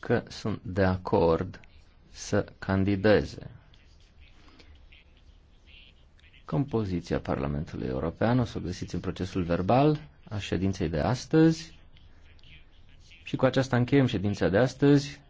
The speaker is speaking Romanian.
că sunt de acord să candideze. Compoziția Parlamentului European o să o găsiți în procesul verbal a ședinței de astăzi. Și cu aceasta încheiem ședința de astăzi.